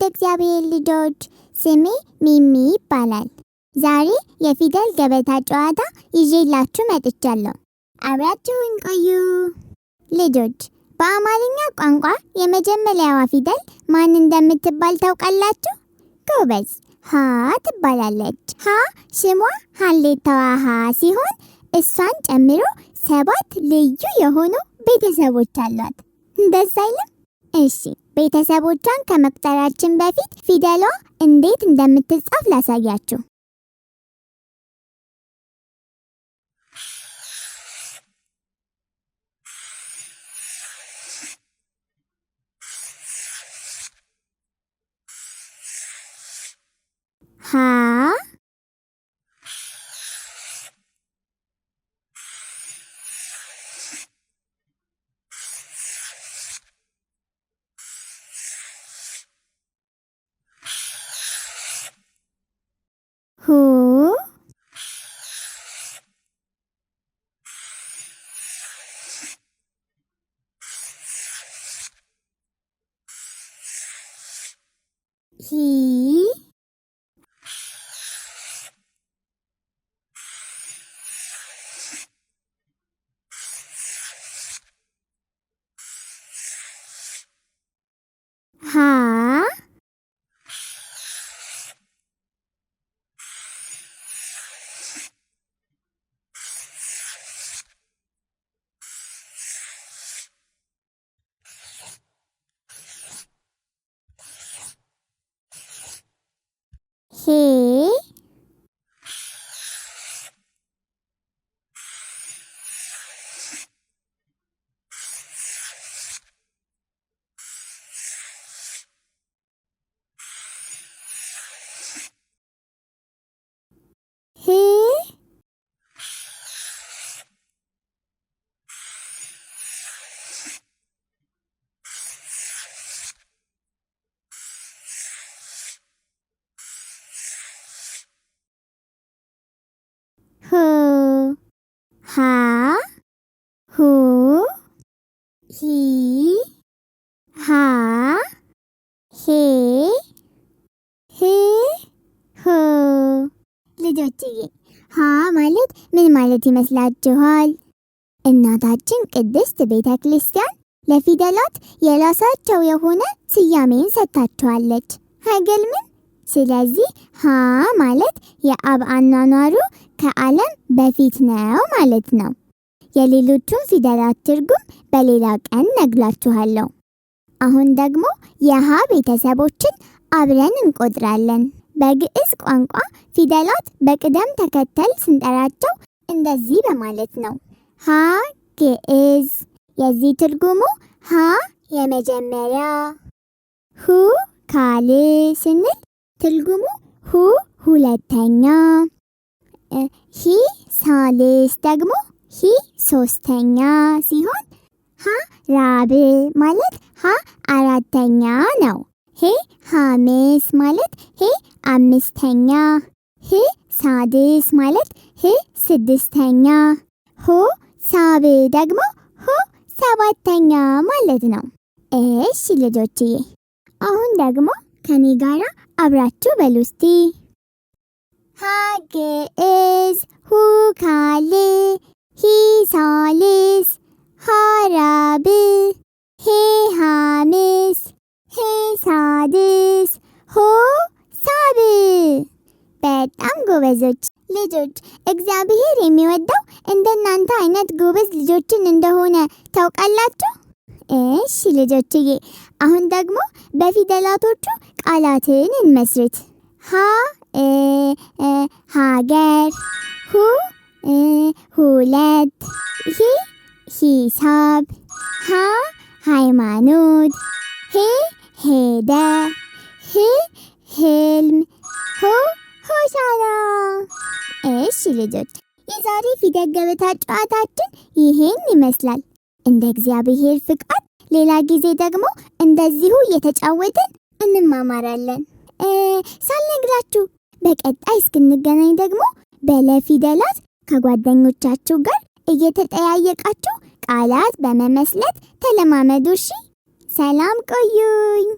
የውድ እግዚአብሔር ልጆች ስሜ ሚሚ ይባላል። ዛሬ የፊደል ገበታ ጨዋታ ይዤላችሁ መጥቻለሁ። አብራችሁን ቆዩ። ልጆች በአማርኛ ቋንቋ የመጀመሪያዋ ፊደል ማን እንደምትባል ታውቃላችሁ? ጎበዝ፣ ሀ ትባላለች። ሀ ስሟ ሀሌታዋ ሀ ሲሆን እሷን ጨምሮ ሰባት ልዩ የሆኑ ቤተሰቦች አሏት። እንደዛ አይልም? እሺ ቤተሰቦቿን ከመቁጠራችን በፊት ፊደሏ እንዴት እንደምትጻፍ ላሳያችሁ። 嘿。ฮือหาหูหีหา เหเฮเฮ ልጆች ሀ ማለት ምን ማለት ይመስላችኋል? እናታችን ቅድስት ቤተ ክርስቲያን ለፊደላት የራሳቸው የሆነ ስያሜን ሰጥታችኋለች። አይገልምን ስለዚህ ሀ ማለት የአብ አኗኗሩ ከዓለም በፊት ነው ማለት ነው። የሌሎቹን ፊደላት ትርጉም በሌላ ቀን ነግላችኋለሁ። አሁን ደግሞ የሀ ቤተሰቦችን አብረን እንቆጥራለን። በግዕዝ ቋንቋ ፊደላት በቅደም ተከተል ስንጠራቸው እንደዚህ በማለት ነው። ሀ ግዕዝ። የዚህ ትርጉሙ ሀ የመጀመሪያ፣ ሁ ካል ስንል ትርጉሙ ሁ ሁለተኛ፣ ሂ ሳልስ ደግሞ ሂ ሶስተኛ ሲሆን ሀ ራብ ማለት ሀ አራተኛ ነው። ሄ ሀምስ ማለት ሄ አምስተኛ፣ ህ ሳድስ ማለት ህ ስድስተኛ፣ ሁ ሳብ ደግሞ ሁ ሰባተኛ ማለት ነው። እሺ ልጆችዬ አሁን ደግሞ ከኔ ጋራ አብራችሁ በሉ እስቲ። ሀግእዝ፣ ሁካል፣ ሂሳልስ፣ ሀራብ፣ ሄሃምስ፣ ሄሳድስ፣ ሆሳብ። በጣም ጎበዞች ልጆች። እግዚአብሔር የሚወደው እንደናንተ አይነት ጎበዝ ልጆችን እንደሆነ ታውቃላችሁ። እሺ ልጆችዬ፣ አሁን ደግሞ በፊደላቶቹ ቃላትን እንመስርት። ሀ ሀገር፣ ሁ ሁለት፣ ሂ ሂሳብ፣ ሀ ሃይማኖት፣ ሄ ሄደ፣ ህ ህልም፣ ሆ ሆሳና። እሺ ልጆች የዛሬ ፊደል ገበታ ጨዋታችን ይሄን ይመስላል። እንደ እግዚአብሔር ፍቃድ ሌላ ጊዜ ደግሞ እንደዚሁ እየተጫወትን እንማማራለን። ሳልነግራችሁ በቀጣይ እስክንገናኝ ደግሞ በለፊደላት ከጓደኞቻችሁ ጋር እየተጠያየቃችሁ ቃላት በመመስለት ተለማመዱ። እሺ፣ ሰላም ቆዩኝ።